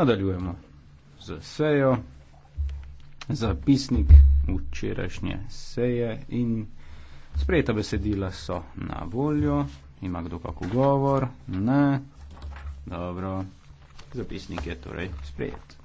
Nadaljujemo z sejo, zapisnik včerajšnje seje in sprejeta besedila so na voljo. Ima kdo kako govor? Ne. Dobro. Zapisnik je torej sprejet.